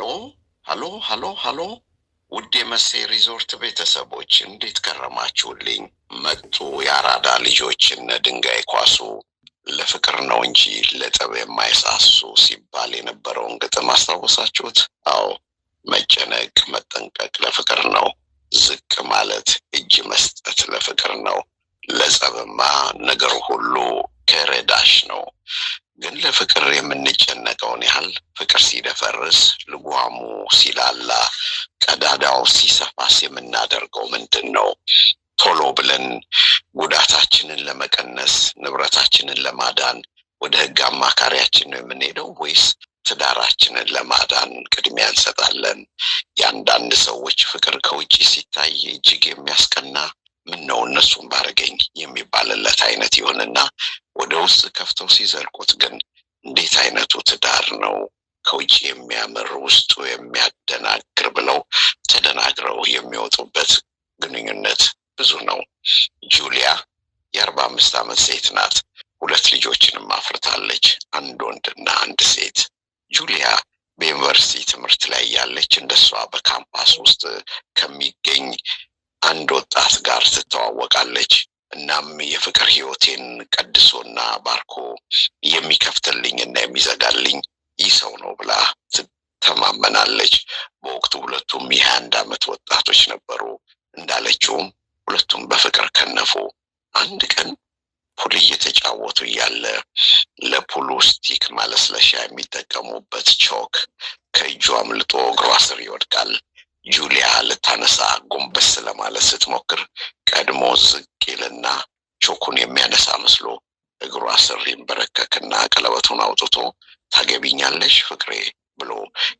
ሀሎ ሀሎ ሀሎ ሀሎ ውድ የመሴ ሪዞርት ቤተሰቦች እንዴት ከረማችሁልኝ? መጡ የአራዳ ልጆች እነ ድንጋይ ኳሱ ለፍቅር ነው እንጂ ለጠብ የማይሳሱ ሲባል የነበረውን ግጥም አስታወሳችሁት? አዎ መጨነቅ፣ መጠንቀቅ ለፍቅር ነው። ዝቅ ማለት፣ እጅ መስጠት ለፍቅር ነው። ለጸብማ ነገር ሁሉ ከረዳሽ ነው። ግን ለፍቅር የምንጨነቀውን ያህል ፍቅር ሲደፈርስ፣ ልጓሙ ሲላላ፣ ቀዳዳው ሲሰፋስ የምናደርገው ምንድን ነው? ቶሎ ብለን ጉዳታችንን ለመቀነስ ንብረታችንን ለማዳን ወደ ህግ አማካሪያችን ነው የምንሄደው ወይስ ትዳራችንን ለማዳን ቅድሚያ እንሰጣለን? የአንዳንድ ሰዎች ፍቅር ከውጭ ሲታይ እጅግ የሚያስቀና ምን ነው እነሱን ባረገኝ የሚባልለት አይነት ይሆንና ወደ ውስጥ ከፍተው ሲዘልቁት ግን እንዴት አይነቱ ትዳር ነው ከውጭ የሚያምር ውስጡ የሚያደናግር ብለው ተደናግረው የሚወጡበት ግንኙነት ብዙ ነው። ጁሊያ የአርባ አምስት ዓመት ሴት ናት። ሁለት ልጆችንም አፍርታለች፣ አንድ ወንድና አንድ ሴት። ጁሊያ በዩኒቨርሲቲ ትምህርት ላይ ያለች እንደሷ በካምፓስ ውስጥ ከሚገኝ አንድ ወጣት ጋር ትተዋወቃለች። እናም የፍቅር ህይወቴን ቀድሶና ባርኮ የሚከፍትልኝ እና የሚዘጋልኝ ይህ ሰው ነው ብላ ትተማመናለች። በወቅቱ ሁለቱም የሀያ አንድ ዓመት ወጣቶች ነበሩ። እንዳለችውም ሁለቱም በፍቅር ከነፉ። አንድ ቀን ፑል እየተጫወቱ እያለ ለፑሉ ስቲክ ማለስለሻ የሚጠቀሙበት ቾክ ከእጁ አምልጦ እግሯ ስር ይወድቃል። ጁሊያ ልታነሳ ጎንበስ ለማለት ስትሞክር ቀድሞ ዝቅ ይልና ቾኩን የሚያነሳ መስሎ እግሯ ስር ይንበረከክና ቀለበቱን አውጥቶ ታገቢኛለሽ ፍቅሬ ብሎ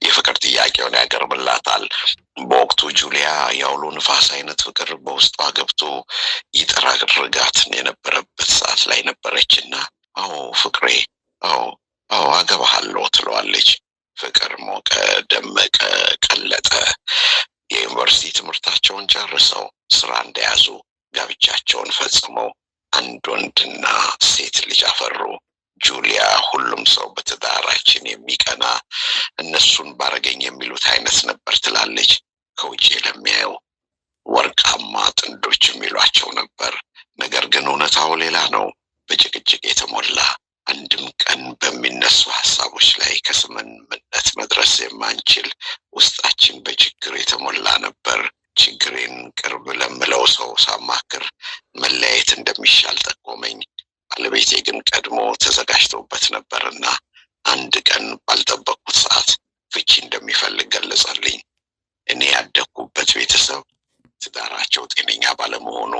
የፍቅር ጥያቄውን ያቀርብላታል። በወቅቱ ጁሊያ የአውሎ ንፋስ አይነት ፍቅር በውስጧ ገብቶ ይጠራርጋት የነበረበት ሰዓት ላይ ነበረችና አዎ ፍቅሬ፣ አዎ አዎ አገባሃለሁ ትለዋለች። ፍቅር ሞቀ፣ ደመቀ፣ ቀለጠ የዩኒቨርሲቲ ትምህርታቸውን ጨርሰው ስራ እንደያዙ ጋብቻቸውን ፈጽመው አንድ ወንድና ሴት ልጅ አፈሩ። ጁሊያ ሁሉም ሰው በትዳራችን የሚቀና እነሱን ባረገኝ የሚሉት አይነት ነበር ትላለች። ከውጭ ለሚያየው ወርቃማ ጥንዶች የሚሏቸው ነበር። ነገር ግን እውነታው ሌላ ነው፣ በጭቅጭቅ የተሞላ አንድም ቀን በሚነሱ ሀሳቦች ላይ ከስምምነት መድረስ የማንችል ውስጣችን በችግር የተሞላ ነበር። ችግሬን ቅርብ ለምለው ሰው ሳማክር መለያየት እንደሚሻል ጠቆመኝ። ባለቤቴ ግን ቀድሞ ተዘጋጅቶበት ነበርና አንድ ቀን ባልጠበቁት ሰዓት ፍቺ እንደሚፈልግ ገለጸልኝ። እኔ ያደግኩበት ቤተሰብ ትዳራቸው ጤነኛ ባለመሆኑ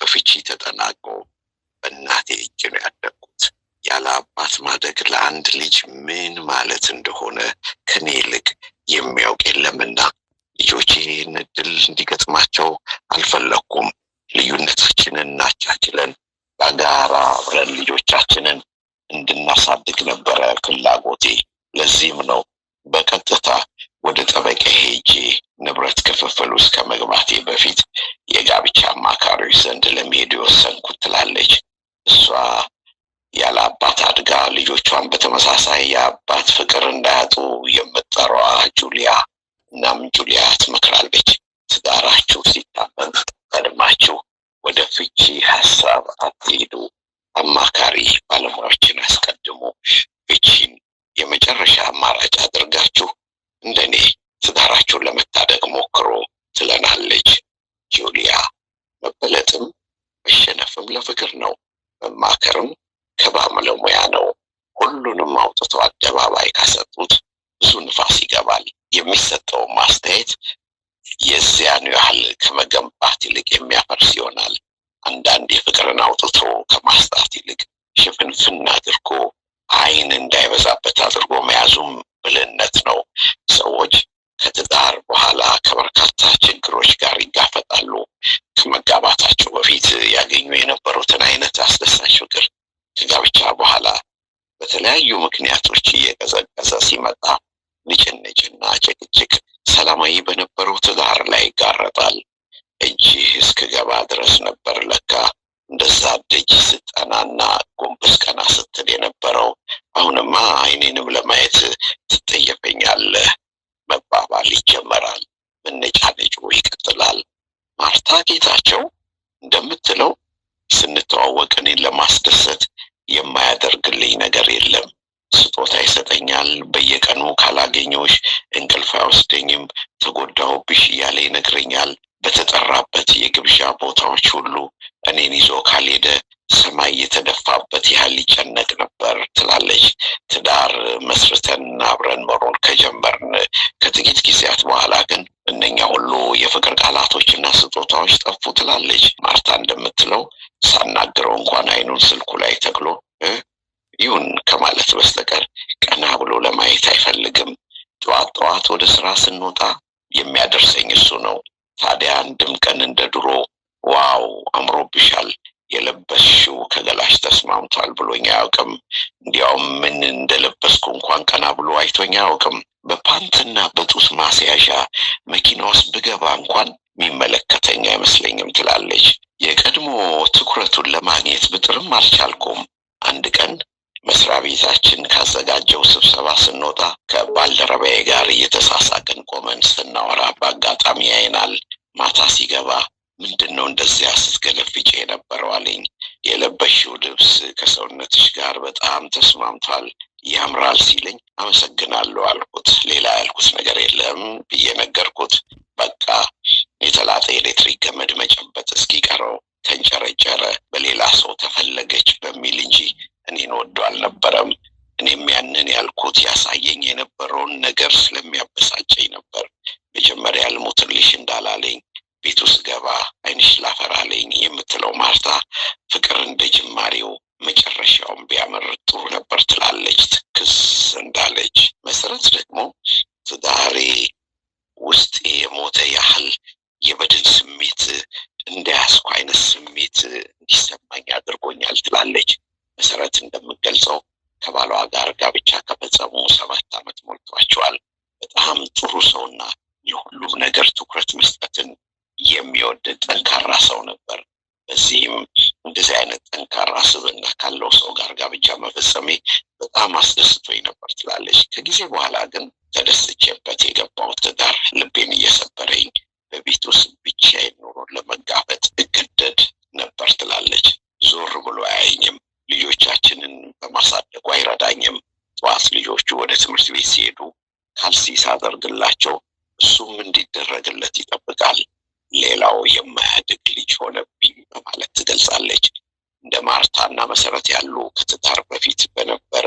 በፍቺ ተጠናቆ በእናቴ እጅ ነው ያደግኩ። ያለ አባት ማደግ ለአንድ ልጅ ምን ማለት እንደሆነ ከኔ ይልቅ የሚያውቅ የለምና ልጆች ይህን እድል እንዲገጥማቸው አልፈለግኩም። ልዩነታችንን እናቻችለን በጋራ አብረን ልጆቻችንን እንድናሳድግ ነበረ ፍላጎቴ። ለዚህም ነው በቀጥታ ወደ ጠበቃ ሄጄ ንብረት ክፍፍል ውስጥ ከመግባቴ በፊት የጋብቻ አማካሪዎች ዘንድ ለመሄድ የወሰንኩት ትላለች ልጆቿን በተመሳሳይ የአባት ፍቅር እንዳያጡ የምጠሯ ጁሊያ እናም ጁሊያ ትመክራለች። ትዳራችሁ ሲታመም ቀድማችሁ ወደ ፍቺ ሀሳብ አትሄዱ። አማካሪ ባለሙያዎችን አስቀድሙ። ፍቺን የመጨረሻ አማራጭ አድርጋችሁ እንደኔ ትዳራችሁን ለመታደግ ሞክሮ ትለናለች ጁሊያ። መበለጥም መሸነፍም ለፍቅር ነው። መማከርም ከባለሙያ ነው። ሁሉንም አውጥቶ አደባባይ ካሰጡት ብዙ ንፋስ ይገባል። የሚሰጠው ማስተያየት የዚያኑ ያህል ከመገንባት ይልቅ የሚያፈርስ ይሆናል። አንዳንድ የፍቅርን አውጥቶ ከማስጣት ይልቅ ሽፍንፍን አድርጎ ዓይን እንዳይበዛበት አድርጎ መያዙም ብልህነት ነው። ሰዎች ከትዳር በኋላ ከበርካታ ችግሮች ጋር ይጋፈጣሉ። ከመጋባታቸው በፊት ያገኙ የነበሩትን አይነት አስደሳች ፍቅር ከጋብቻ በኋላ በተለያዩ ምክንያቶች እየቀዘቀዘ ሲመጣ ንጭንጭና ጭቅጭቅ ሰላማዊ በነበረው ትዳር ላይ ይጋረጣል። እጅህ እስክገባ ድረስ ነበር ለካ እንደዛ ደጅ ስጠናና ጎንበስ ቀና ስትል የነበረው። አሁንማ አይኔንም ለማየት ትጠየፈኛለህ መባባል ይጀመራል። መነጫነጩ ይቀጥላል። ማርታ ጌታቸው እንደምትለው ስንተዋወቅ እኔን ለማስደሰት የማያደርግልኝ ነገር የለም። ስጦታ ይሰጠኛል። በየቀኑ ካላገኘሁሽ እንቅልፍ አይወስደኝም፣ ተጎዳሁብሽ እያለ ይነግረኛል። በተጠራበት የግብዣ ቦታዎች ሁሉ እኔን ይዞ ካልሄደ ሰማይ የተደፋበት ያህል ይጨነቅ ነበር ትላለች። ትዳር መስርተን አብረን መኖር ከጀመርን ከጥቂት ጊዜያት በኋላ ግን እነኛ ሁሉ የፍቅር ቃላቶችና ስጦታዎች ጠፉ ትላለች። ማርታ እንደምትለው ሳናግረው እንኳን አይኑን ስልኩ ላይ ተክሎ ይሁን ከማለት በስተቀር ቀና ብሎ ለማየት አይፈልግም። ጠዋት ጠዋት ወደ ስራ ስንወጣ የሚያደርሰኝ እሱ ነው። ታዲያ አንድም ቀን እንደ ድሮ ዋው አምሮብሻል፣ የለበስሽው ከገላሽ ተስማምቷል ብሎኝ አያውቅም። እንዲያውም ምን እንደለበስኩ እንኳን ቀና ብሎ አይቶኝ አያውቅም። በፓንትና በጡት ማስያዣ መኪና ውስጥ ብገባ እንኳን አልቻልኩም። አንድ ቀን መስሪያ ቤታችን ካዘጋጀው ስብሰባ ስንወጣ ከባልደረባዬ ጋር እየተሳሳቅን ቆመን ስናወራ በአጋጣሚ ያይናል። ማታ ሲገባ ምንድን ነው እንደዚያ ስትገለፍጭ የነበረው አለኝ። የለበሽው ልብስ ከሰውነትሽ ጋር በጣም ተስማምቷል ያምራል ሲለኝ አመሰግናለሁ አልኩት። ሌላ ያልኩት ነገር የለም ብዬ ነገርኩት። በቃ የተላጠ ኤሌክትሪክ ገመድ መጨበጥ እስኪቀረው ተንጨረጨረ። በሌላ ሰው ትወደዋለች በሚል እንጂ እኔን ወዶ አልነበረም። እኔም ያንን ያልኩት ያሳየኝ የነበረውን ነገር ስለሚያበሳጨኝ ነበር። መጀመሪያ ልሙትልሽ እንዳላለኝ ቤቱ ስገባ ዓይንሽ ላፈራለኝ የምትለው ማርታ ፍቅር እንደ ጅማሬው መጨረሻውን ቢያምር ጥሩ ነበር ትላለች። ትክስ እንዳለች መሰረት ደግሞ ትዳሬ ውስጥ የሞተ ያህል የበድን ስሜት እንዳያስኩ አይነት ስሜት እንዲሰማኝ አድርጎኛል ትላለች መሰረት። እንደምገልጸው ከባሏ ጋር ጋብቻ ከፈጸሙ ሰባት ዓመት ሞልቷቸዋል። በጣም ጥሩ ሰውና የሁሉም ነገር ትኩረት መስጠትን የሚወድ ጠንካራ ሰው ነበር። በዚህም እንደዚህ አይነት ጠንካራ ስብዕና ካለው ሰው ጋር ጋብቻ መፈጸሜ በጣም አስደስቶኝ ነበር ትላለች። ከጊዜ በኋላ ግን ተደስቼበት የገባው ትዳር ልቤን እየሰበረኝ በቤት ውስጥ ብቻዬን ኑሮን ለመጋፈጥ እገደድ ነበር ትላለች። ዞር ብሎ አያየኝም። ልጆቻችንን በማሳደጉ አይረዳኝም። ጠዋት ልጆቹ ወደ ትምህርት ቤት ሲሄዱ ካልሲ ሳደርግላቸው እሱም እንዲደረግለት ይጠብቃል። ሌላው የማያድግ ልጅ ሆነብኝ በማለት ትገልጻለች። እንደ ማርታና መሰረት ያሉ ከትዳር በፊት በነበረ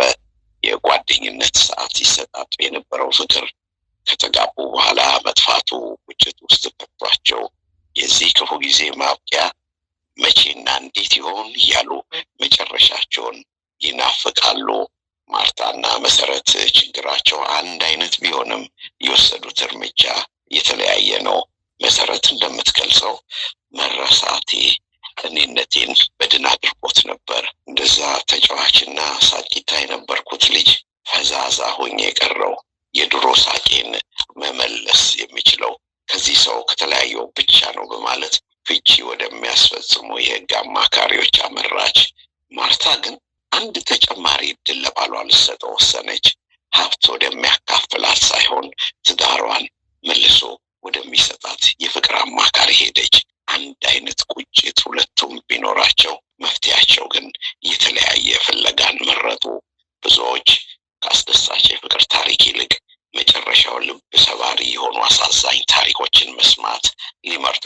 የጓደኝነት ሰዓት ይሰጣጡ የነበረው ፍቅር ከተጋቡ በኋላ መጥፋቱ ቁጭት ውስጥ ከቷቸው የዚህ ክፉ ጊዜ ማብቂያ መቼና እንዴት ይሆን እያሉ መጨረሻቸውን ይናፍቃሉ። ማርታና መሰረት ችግራቸው አንድ አይነት ቢሆንም የወሰዱት እርምጃ የተለያየ ነው። መሰረት እንደምትገልጸው መረሳቴ እኔነቴን በድን አድርጎት ነበር። እንደዛ ተጫዋችና ሳቂታ የነበርኩት ልጅ ፈዛዛ ሆኜ የቀረው የድሮ ሳቄን መመለስ የሚችለው ከዚህ ሰው ከተለያየው ብቻ ነው በማለት ፍቺ ወደሚያስፈጽሙ የህግ አማካሪዎች አመራች። ማርታ ግን አንድ ተጨማሪ እድል ለባሏ ልሰጠ ወሰነች። ሀብት ወደሚያካፍላት ሳይሆን ትዳሯን መልሶ ወደሚሰጣት የፍቅር አማካሪ ሄደች። አንድ አይነት ቁጭት ሁለቱም ቢኖራቸው መፍትያቸው ግን የተለያየ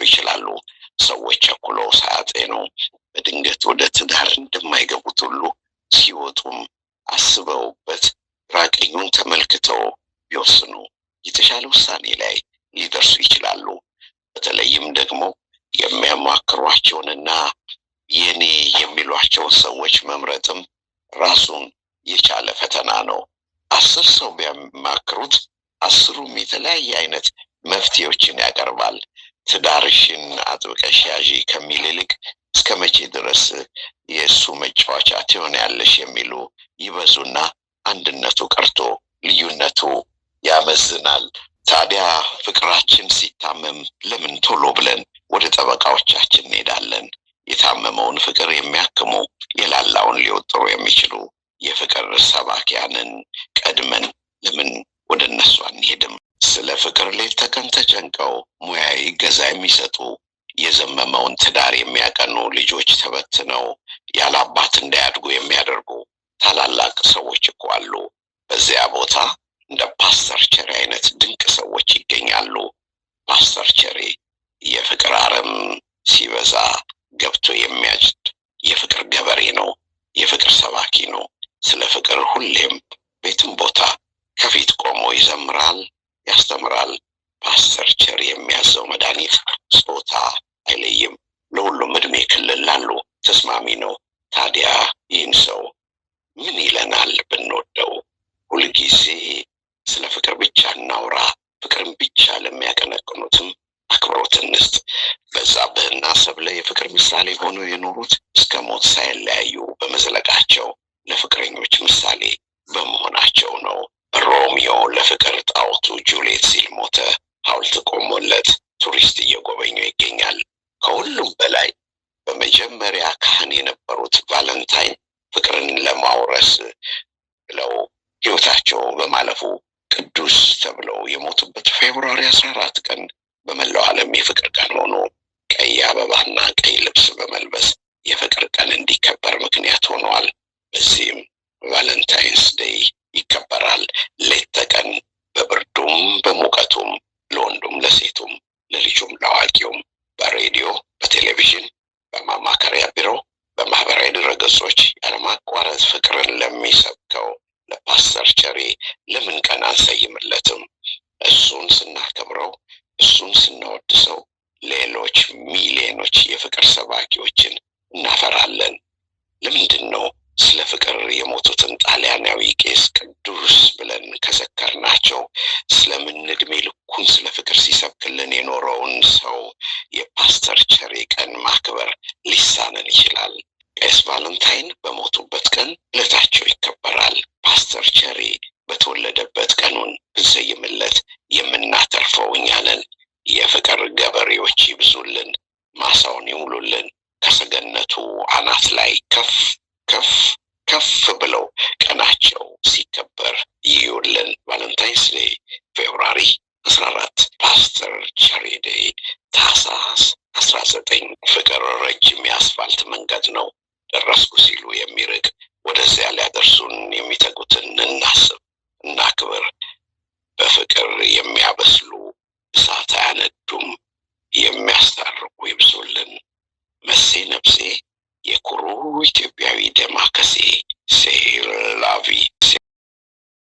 ይችላሉ። ሰዎች ቸኩለው ሳያጤኑ በድንገት ወደ ትዳር እንደማይገቡት ሁሉ ሲወጡም አስበውበት ራቀኙን ተመልክተው ቢወስኑ የተሻለ ውሳኔ ላይ ሊደርሱ ይችላሉ። በተለይም ደግሞ የሚያማክሯቸውንና የኔ የሚሏቸውን ሰዎች መምረጥም ራሱን የቻለ ፈተና ነው። አስር ሰው ቢያማክሩት አስሩም የተለያየ አይነት መፍትሄዎችን ያቀርባል። ትዳርሽን አጥብቀሽ ያዢ ከሚል ይልቅ እስከ መቼ ድረስ የእሱ መጫወቻ ትሆኛለሽ የሚሉ ይበዙና አንድነቱ ቀርቶ ልዩነቱ ያመዝናል። ታዲያ ፍቅራችን ሲታመም ለምን ቶሎ ብለን ወደ ጠበቃዎቻችን እንሄዳለን? የታመመውን ፍቅር የሚያክሙ የላላውን ሊወጥሩ የሚችሉ የፍቅር ሰባኪያንን ቀድመን ለምን ወደ እነሱ አንሄድም? ስለ ፍቅር ሌት ተቀን ተጨንቀው ሙያዊ እገዛ የሚሰጡ የዘመመውን ትዳር የሚያቀኑ ልጆች ተበትነው ያለ አባት እንዳያድጉ የሚያደርጉ ታላላቅ ሰዎች እኮ አሉ። በዚያ ቦታ እንደ ፓስተር ቸሪ አይነት ድንቅ ሰዎች ይገኛሉ። ፓስተር ቸሪ የፍቅር አረም ሲበዛ ገብቶ የሚያጭድ የፍቅር ገበሬ ነው። የፍቅር ሰባኪ ነው። ስለ ፍቅር ሁሌም ቤትም ቦታ ከፊት ቆሞ ይዘምራል፣ ያስተምራል። ፓስተር ቸር የሚያዘው መድኃኒት ስጦታ አይለይም፣ ለሁሉም እድሜ ክልል ላሉ ተስማሚ ነው። ታዲያ ይህን ሰው ምን ይለናል ብንወደው? ሁልጊዜ ስለ ፍቅር ብቻ እናውራ፣ ፍቅርን ብቻ ለሚያቀነቅኑትም አክብሮት እንስጥ። በዛብህና ሰብለ የፍቅር ምሳሌ ሆነው የኖሩት ሞተ ሐውልት ቆሞለት ቱሪስት እየጎበኙ ይገኛል። ከሁሉም በላይ በመጀመሪያ ካህን የነበሩት ቫለንታይን ፍቅርን ለማውረስ ብለው ህይወታቸው በማለፉ ቅዱስ ተብለው የሞቱበት ፌብሩዋሪ አስራ አራት ቀን በመላው ዓለም የፍቅር ቀን ሆኖ ቀይ አበባና ዘጠኝ ፍቅር ረጅም የአስፋልት መንገድ ነው። ደረስኩ ሲሉ የሚርቅ ወደዚያ ሊያደርሱን የሚተጉትን እናስብ እና ክብር በፍቅር የሚያበስሉ እሳት አያነዱም የሚያስታርቁ ይብሱልን። መሴ ነፍሴ የኩሩ ኢትዮጵያዊ ደማከሴ ሴላቪ